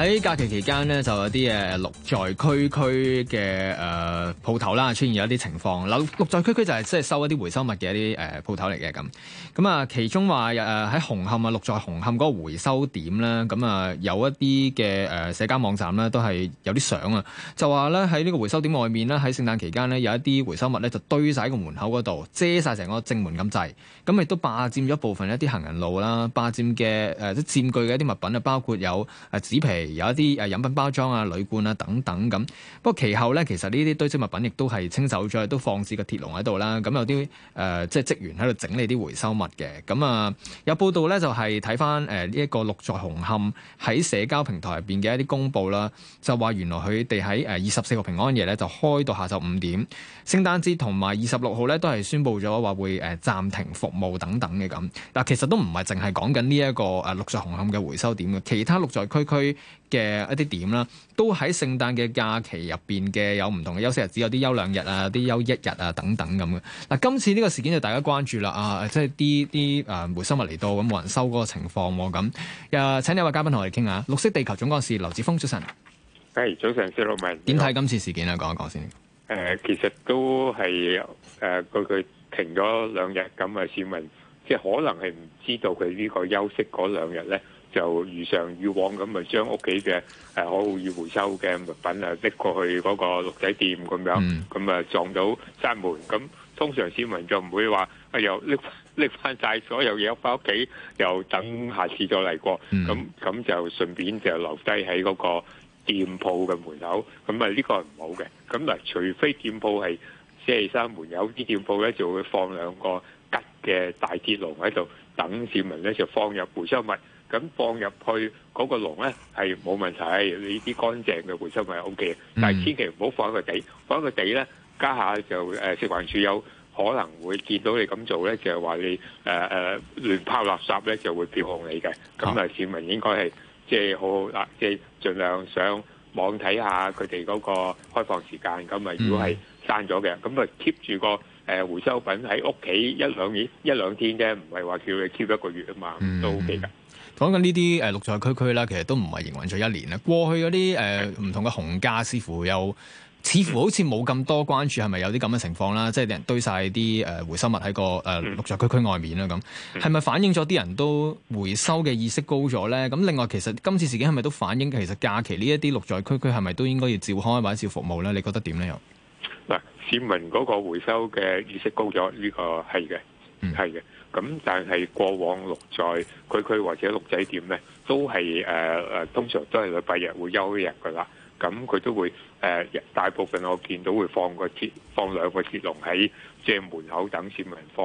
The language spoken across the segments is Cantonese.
喺假期期間咧，就有啲誒六在區區綠在區區嘅誒、呃、鋪頭啦，出現咗一啲情況。嗱，綠在區區就係即係收一啲回收物嘅一啲誒、呃、鋪頭嚟嘅咁。咁啊，其中話誒喺紅磡啊，綠在紅磡嗰個回收點啦。咁啊、呃、有一啲嘅誒社交網站咧，都係有啲相啊，就話咧喺呢個回收點外面咧，喺聖誕期間呢，有一啲回收物咧就堆晒喺個門口嗰度，遮晒成個正門咁滯。咁亦都霸佔咗部分一啲行人路啦，霸佔嘅誒即係佔據嘅一啲物品啊，包括有誒紙皮。有一啲飲品包裝啊、鋁罐啊等等咁。不過其後咧，其實呢啲堆積物品亦都係清走咗，都放置個鐵籠喺度啦。咁有啲、呃、即係職員喺度整理啲回收物嘅。咁啊、呃、有報道咧，就係睇翻呢一個綠在紅磡喺社交平台入邊嘅一啲公佈啦，就話原來佢哋喺二十四號平安夜咧就開到下晝五點，聖誕節同埋二十六號咧都係宣布咗話會誒、呃、暫停服務等等嘅咁。嗱，其實都唔係淨係講緊呢一個六、呃、綠在紅磡嘅回收點嘅，其他綠在區區。嘅一啲點啦，都喺聖誕嘅假期入邊嘅有唔同嘅休息日子，有啲休兩日啊，啲休一日啊等等咁嘅。嗱、啊，今次呢個事件就大家關注啦啊，即係啲啲誒回收物嚟到咁冇人收嗰個情況咁。又、啊、請呢位嘉賓同我哋傾下。綠惜地球總幹事劉祉鋒 hey, 早晨。係，早晨，小六問點睇今次事件啊？講一講先。誒、呃，其實都係誒嗰句停咗兩日咁啊，市民即係可能係唔知道佢呢個休息嗰兩日咧，就如常如往以往咁，咪將屋企嘅誒可回收嘅物品誒拎過去嗰個綠在店咁樣，咁、嗯、啊撞到閂門。咁通常市民就唔會話啊，又拎拎翻曬所有嘢翻屋企，又等下次再嚟過。咁、嗯、咁就順便就留低喺嗰個店鋪嘅門口。咁啊呢個係唔好嘅。咁嗱，除非店鋪係寫係閂門口，有啲店鋪咧就會放兩個吉嘅大鐵籠喺度，等市民咧就放入回收物。咁放入去嗰個籠咧係冇問題，你啲乾淨嘅回收物 O K 嘅，但係千祈唔好放喺個地。放喺個地咧，家下就誒食環署有可能會見到你咁做咧，就係話你誒誒、呃、亂拋垃圾咧就會票控你嘅。咁啊市民應該係即係好好啦，即係盡量上網睇下佢哋嗰個開放時間。咁啊如果係閂咗嘅，咁啊 keep 住個。誒，回收品喺屋企一兩年、一兩天啫，唔係話叫你超一個月啊嘛，嗯、都 O K 噶。講緊呢啲誒、綠、呃、在區區啦，其實都唔係營運咗一年啦。過去嗰啲誒唔同嘅紅家似乎又，似乎好似冇咁多關注係咪、嗯、有啲咁嘅情況啦，即係啲人堆晒啲誒回收物喺、那個誒綠、呃、在區區外面啦，咁係咪反映咗啲人都回收嘅意識高咗咧？咁另外，其實今次事件係咪都反映其實假期呢一啲綠在區區係咪都應該要照開或者照服務咧？你覺得點咧又？市民嗰個回收嘅意識高咗，呢、這個係嘅，係嘅。咁但係過往綠在區區或者綠仔店咧，都係誒誒，通常都係禮拜日會休一日噶啦。咁佢都會誒、呃，大部分我見到會放個鐵，放兩個鐵籠喺正門口等市民放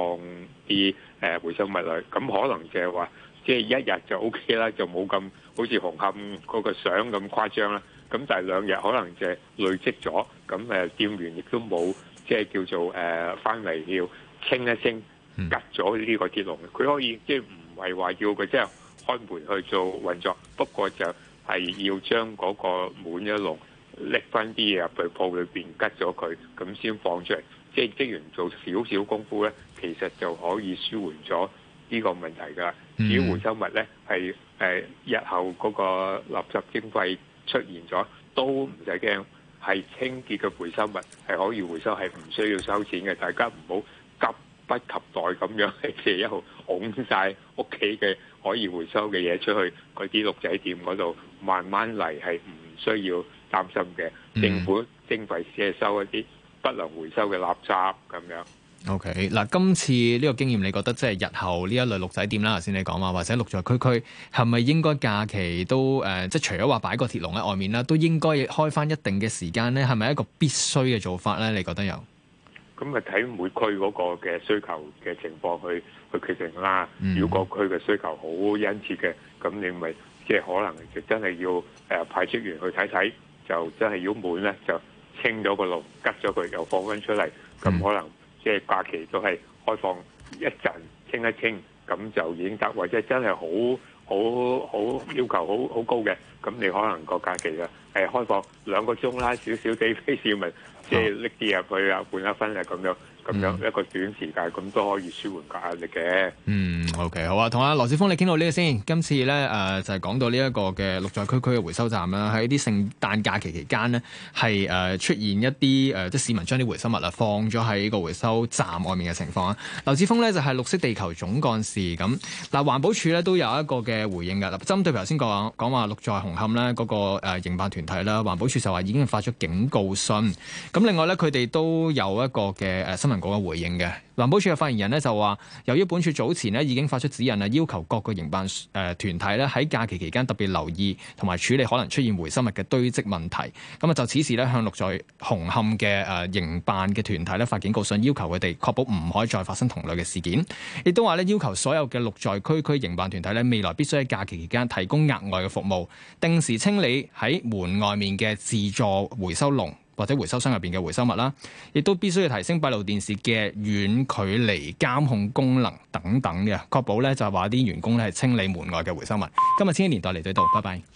啲誒回收物類。咁可能就係話，即係一日就 O K 啦，就冇咁好似紅磡嗰個相咁誇張啦。咁但係兩日可能就累積咗，咁誒店員亦都冇即係叫做返翻嚟要清一清，吉咗呢個鐵籠。佢可以即係唔係話要佢即係開門去做運作，不過就係要將嗰個滿籠一籠拎翻啲嘢入去鋪裏面吉咗佢，咁先放出嚟。即係職員做少少功夫咧，其實就可以舒緩咗呢個問題㗎。至於回收物咧，係日後嗰個垃圾徵費。出現咗都唔使驚，係清潔嘅回收物係可以回收，係唔需要收錢嘅。大家唔好急不及待咁樣，一號拱晒屋企嘅可以回收嘅嘢出去，佢啲綠仔店嗰度慢慢嚟，係唔需要擔心嘅。政府徵費只係收一啲不能回收嘅垃圾咁樣。O.K. 嗱，今次呢個經驗，你覺得即係日後呢一類綠仔店啦，頭先你講話，或者綠在區區，係咪應該假期都誒、呃，即係除咗話擺個鐵籠喺外面啦，都應該開翻一定嘅時間咧，係咪一個必須嘅做法咧？你覺得有？咁咪睇每區嗰個嘅需求嘅情況去去決定啦、嗯。如果區嘅需求好殷切嘅，咁你咪即係可能就真係要誒派職員去睇睇，就真係要滿咧就清咗個籠，吉咗佢又放翻出嚟，咁可能。即、就、係、是、假期都係開放一陣清一清，咁就已經得；或者真係好好好要求好好高嘅，咁你可能個假期啊係開放兩個鐘啦，少少地非市民即係拎啲入去啊，換一分啊咁樣。咁、嗯、樣一個短時間咁都可以舒緩嘅壓力嘅。嗯，OK，好啊，同阿劉祉鋒你傾到呢個先。今次咧誒、呃、就係、是、講到呢一個嘅綠在區區嘅回收站啦，喺啲聖誕假期期間呢，係誒、呃、出現一啲誒即市民將啲回收物啊放咗喺個回收站外面嘅情況啊。劉祉鋒呢，就係、是、綠惜地球總幹事咁。嗱、那個呃，環保署咧都有一個嘅回應㗎。嗱，針對頭先講講話綠在紅磡咧嗰個誒營辦團體啦，環保署就話已經發出警告信。咁另外咧，佢哋都有一個嘅誒新聞。講嘅回應嘅，環保署嘅發言人就話，由於本署早前已經發出指引啊，要求各個營辦誒團體喺假期期間特別留意同埋處理可能出現回收物嘅堆積問題。咁啊，就此事呢，向綠在紅磡嘅誒營辦嘅團體呢，發警告信，要求佢哋確保唔可以再發生同類嘅事件。亦都話呢，要求所有嘅綠在區區營辦團體呢，未來必須喺假期期間提供額外嘅服務，定時清理喺門外面嘅自助回收籠，或者回收箱入面嘅回收物啦，亦都必須要提升閉路電視嘅遠距離監控功能等等嘅，確保咧就係話啲員工咧係清理門外嘅回收物。今日千禧年代嚟到呢度，拜拜。